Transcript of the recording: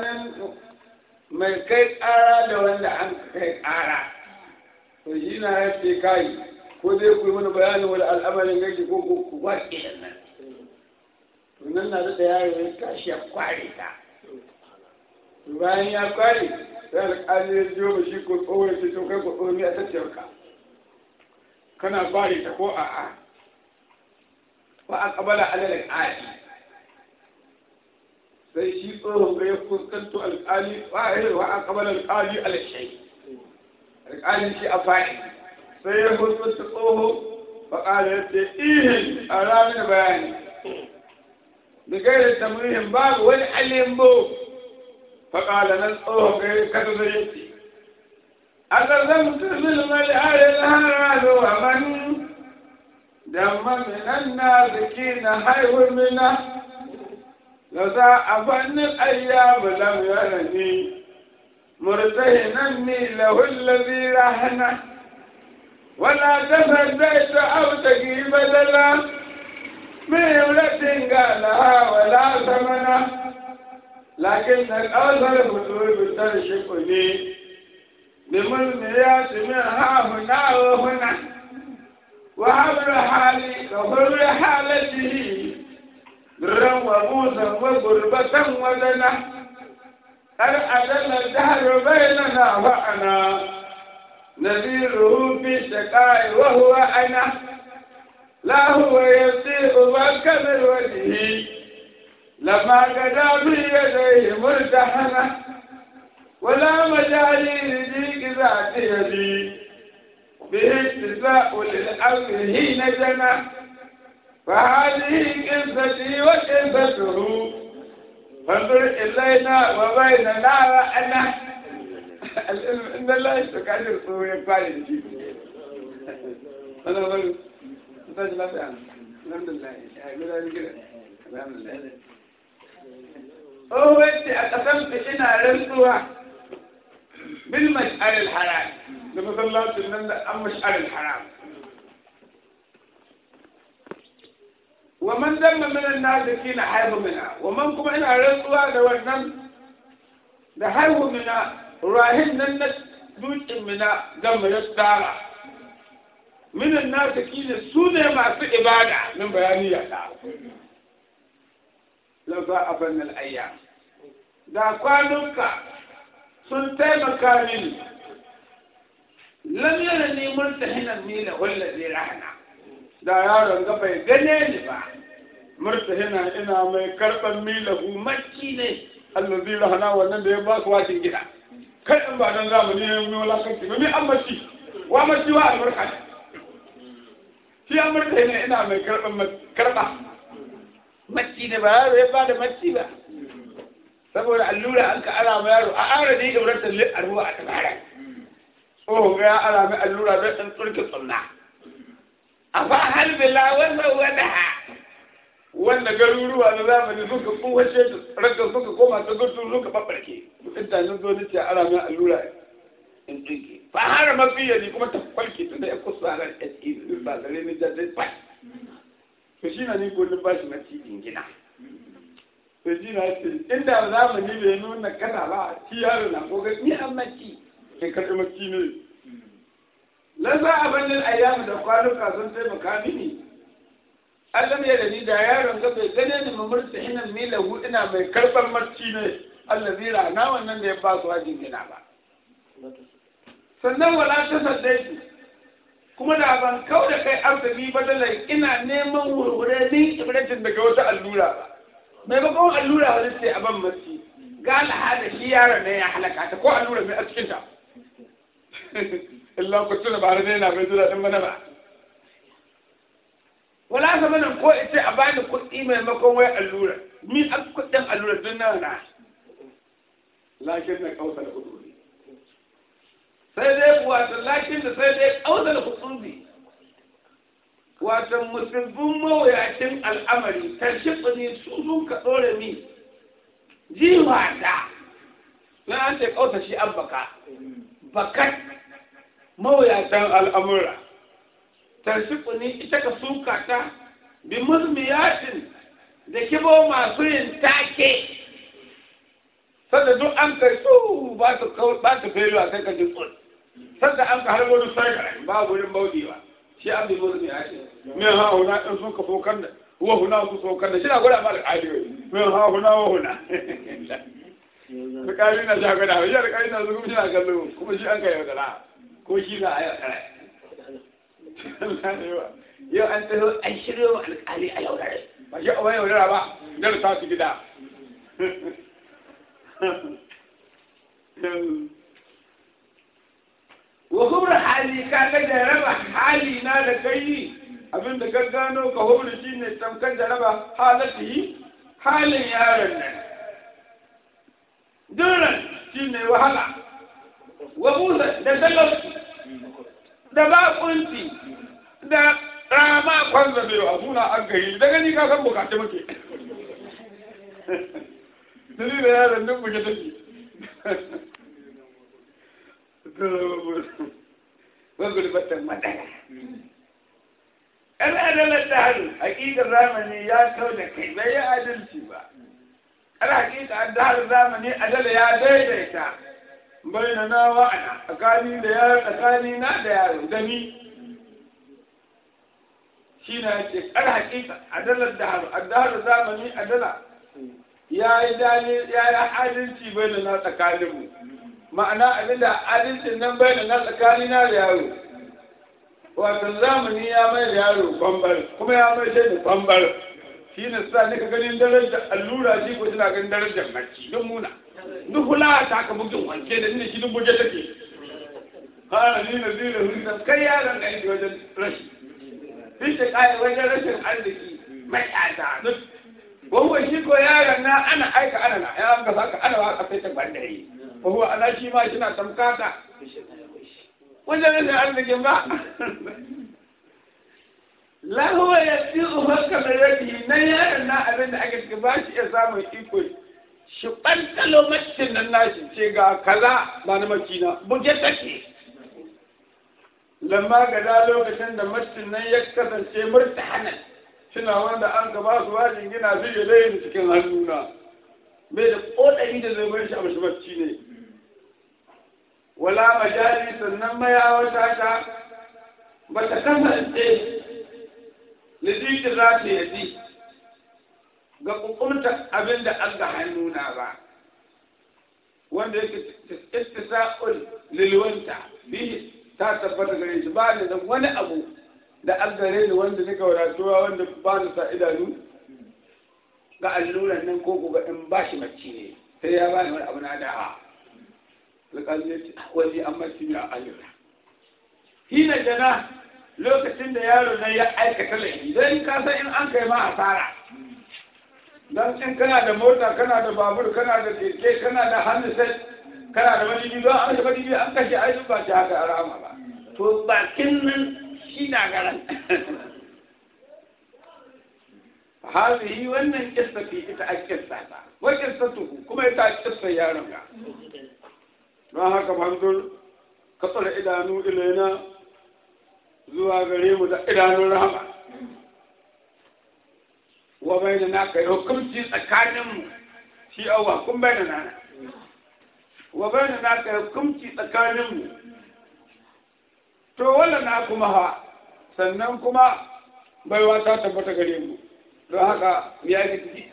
tsakanin mai kai ƙara da wanda an kai ƙara to shi na ce kai ko dai ku yi mana bayanin wani al'amarin gaji ko ku ba da nan to nan na da yaro ya ka ya kware ta to bayan ya kware sai alƙali ya jiyo ba shi ko tsohon shi to kai ko tsohon ya tattiyar ka kana kware ta ko a'a wa aqbala ala al-aadi sai shi tsohon ga ya fuskanto alƙali fa'il wa aqbal alƙali ala shay alƙali shi a fa'il sai ya fuskanta tsoho fa qala yace ihin a ranar bayani da gaira tamrihin babu wani alimbo fa qala nan tsohon ga ya kada zai yace أقدمت بالملعب الهرب ومن دم من النازكين حيو منه لذا أفن الأيام لم يرني مرتهنني له الذي رهنا ولا تفديت أو تجي بدلا من قالها ولا ثمنا لكن الأوثر فتوي ترشقني بملميات منها هنا وهنا وحبل حالي له فوزا وغربة ولنا أرألنا الدهر بيننا وأنا نذيره في شقاء وهو أنا لا هو يسيء بك بالوجه لما قدى في يديه مرتحنا ولا مجالي لديك ذات يدي به اتساء للأمر حين جنى فهذه قصتي وقصته فانظر إلينا وبيننا وأنا إن الله يستكاجر صوه يكبالي جيب أنا أقول أنتاج لا بيعنا الحمد لله أقول هذه كده الحمد لله هو أنت أقسمت إنا رسوة بالمشعر الحرام لما صلى الله عليه مشعر الحرام ومن ذنب من الناس كينا حيب منا ومن كم إنا رسوا دوشنا دحيب منا راهن ننة دوش منا دم رسالة من الناس كينا سونة ما في إبادة من بيانية لضاء من الأيام دا قانونك سنتين مكامل لم يرني مرتحنا من هو رحنا da yaron ga bai gane ni ba murta yana ina mai karɓar milahu makki ne allazi rahana wannan da ya ba ku wajin gida kai in ba dan zamani ne mai walakanci ba mai ammaci wa mace wa albarka ne shi amurka yana ina mai karɓa mace ne ba yaro ya ba da mace ba saboda allura an ka ara ma yaro a ara ne ibratan lil arwa a tabara tsohon ga ya ara mai allura don ɗan tsurki tsunna a fa wanda wanda ha wanda garuruwa na zamani suka kowace raka suka koma ta gurtun suka babbarke mutanen zo ne ce ara mai allura in tsinke fa har mafiya ne kuma ta kwalke tunda ya kusa ran SE ba gare ni da dai ba to shi na ni ko ba shi na ci gina to shi na ce inda zamani bai nuna kana ba ci yaro na ko ga ni amma ci ke karɓi maki ne lan za a ayyamu da kwanuka sun taimaka mini Allah ya dani da yaron ga bai gane ni mu murtihinan milahu ina mai karban marci ne Allah zai rana wannan da ya ba su hajin gina ba sannan wala ta saddai kuma da ban kau da kai arziki ba da ina neman wurwure ni ibratin daga wata allura ba mai bakon allura ba sai a ban marci ga alhada shi yaron ne ya halaka ta ko allura mai a cikin ta illa ku tuna ba da yana mai zura din mana ba wala ga mana ko ita a bani kuɗi maimakon wai allura mi an kuɗin allura don nan na lakin na kausa da huduri sai dai wato lakin da sai dai kausa da huduri wato musulmin mawuyacin al'amari tarshiɓi ne su sun ka ɗore mi jiwa da na an ce kausa shi an baka bakat mawuyatan al'amura tarshiku ne ita ka suka ta bi muzmiyatin da kibo masu yin take sadda duk an kai su ba su feriwa sai ka ji kun, sadda an ka harbo duk sarkar ba wurin bauɗi ba shi an bi muzmiyatin min ha in sun ka da wa huna su fokan da shi na gwada ma al'adiyoyi min ha huna wa huna alƙali na shagada shi ƙari na zuwa shi na gallo, kuma shi an kai yaudara ko shi za a yau yau an tsaye an shirya wa alƙali a yaudare ba shi a wani yaudara ba don sa su gida wa hura hali ka ga jaraba hali na da kai abin da ka gano ka hura shi ne tamkar jaraba halatti halin yaron nan duran shi ne wahala wa busa da talauci da bakunci da rama kwanza bai wa suna an gari da ni ka san bukace muke dani da yaran duk buke take wagul batan madara adalar da harin hakikar zamani ya kau da kai bai yi adalci ba hakikar da zamani adala ya daidaita baina na wa ana tsakani da yaro tsakani na da yaro da ni shi na ce kar hakika adalar da haru adalar zamani adala ya yi dani ya yi adalci baina na tsakani mu ma'ana abinda adalcin nan baina na tsakani na da yaro wato zamani ya mai da yaro bambar kuma ya mai da bambar shi ne sa nika ganin darajar allura shi ko tana ganin darajar mace don muna duk hula ta ka bugin wanke da ni shi duk buge take Kana ni na zira hunna kai ya da yake wajen rashi shi ke kai wajen rashin arziki mai ada duk wawan shi ko yaran na ana aika ana na ya an ka saka ana waka sai ta bandare ko huwa ana shi ma shi na tamkata wajen rashin arzikin ba lahu ya fi umarka da rabi na yaron na abin da aka ci ba shi ya samun iko shi ɓantalo macin nan nashi ce ga kaza ba na makina buge take lamma ga da lokacin da macin nan ya kasance murta suna wanda an gaba su wajin gina su ya zai cikin hannuna mai da ƙoɗari da zai bar shi a mashi ne wala majali sannan mayawa ta ta ba ta kasance lidiki za ta yadi ga kukumta abin da an ga hannuna ba wanda yake istisa'ul lilwanta bihi ta tabbata gare shi ba ni da wani abu da an gare ni wanda nika wadatuwa wanda ba ni sa idanu ga alluran nan ko ga in ba shi mace ne sai ya ba ni wani abu na da alƙalin wani an mace ne a allura hina jana lokacin da yaro na ya aikata laifi don ka san in an kai ma asara dan in kana da mota kana da babur kana da keke kana da handset kana da wani don an ka madidi an kashe aiki ba shi haka arama ba to bakin nan shi na garan yi wannan kissa fi ita a kissa ta wa tu kuma ita kissa yaron ga don haka manzon ka tsara idanu ilaina zuwa gare mu da idanun rahama wa bai da na kai hukunci tsakaninmu shi awa kun bai da nana wa bai da na kai hukunci tsakaninmu to wala na kuma ha sannan kuma baiwa ta tabbata gare mu don haka ya yi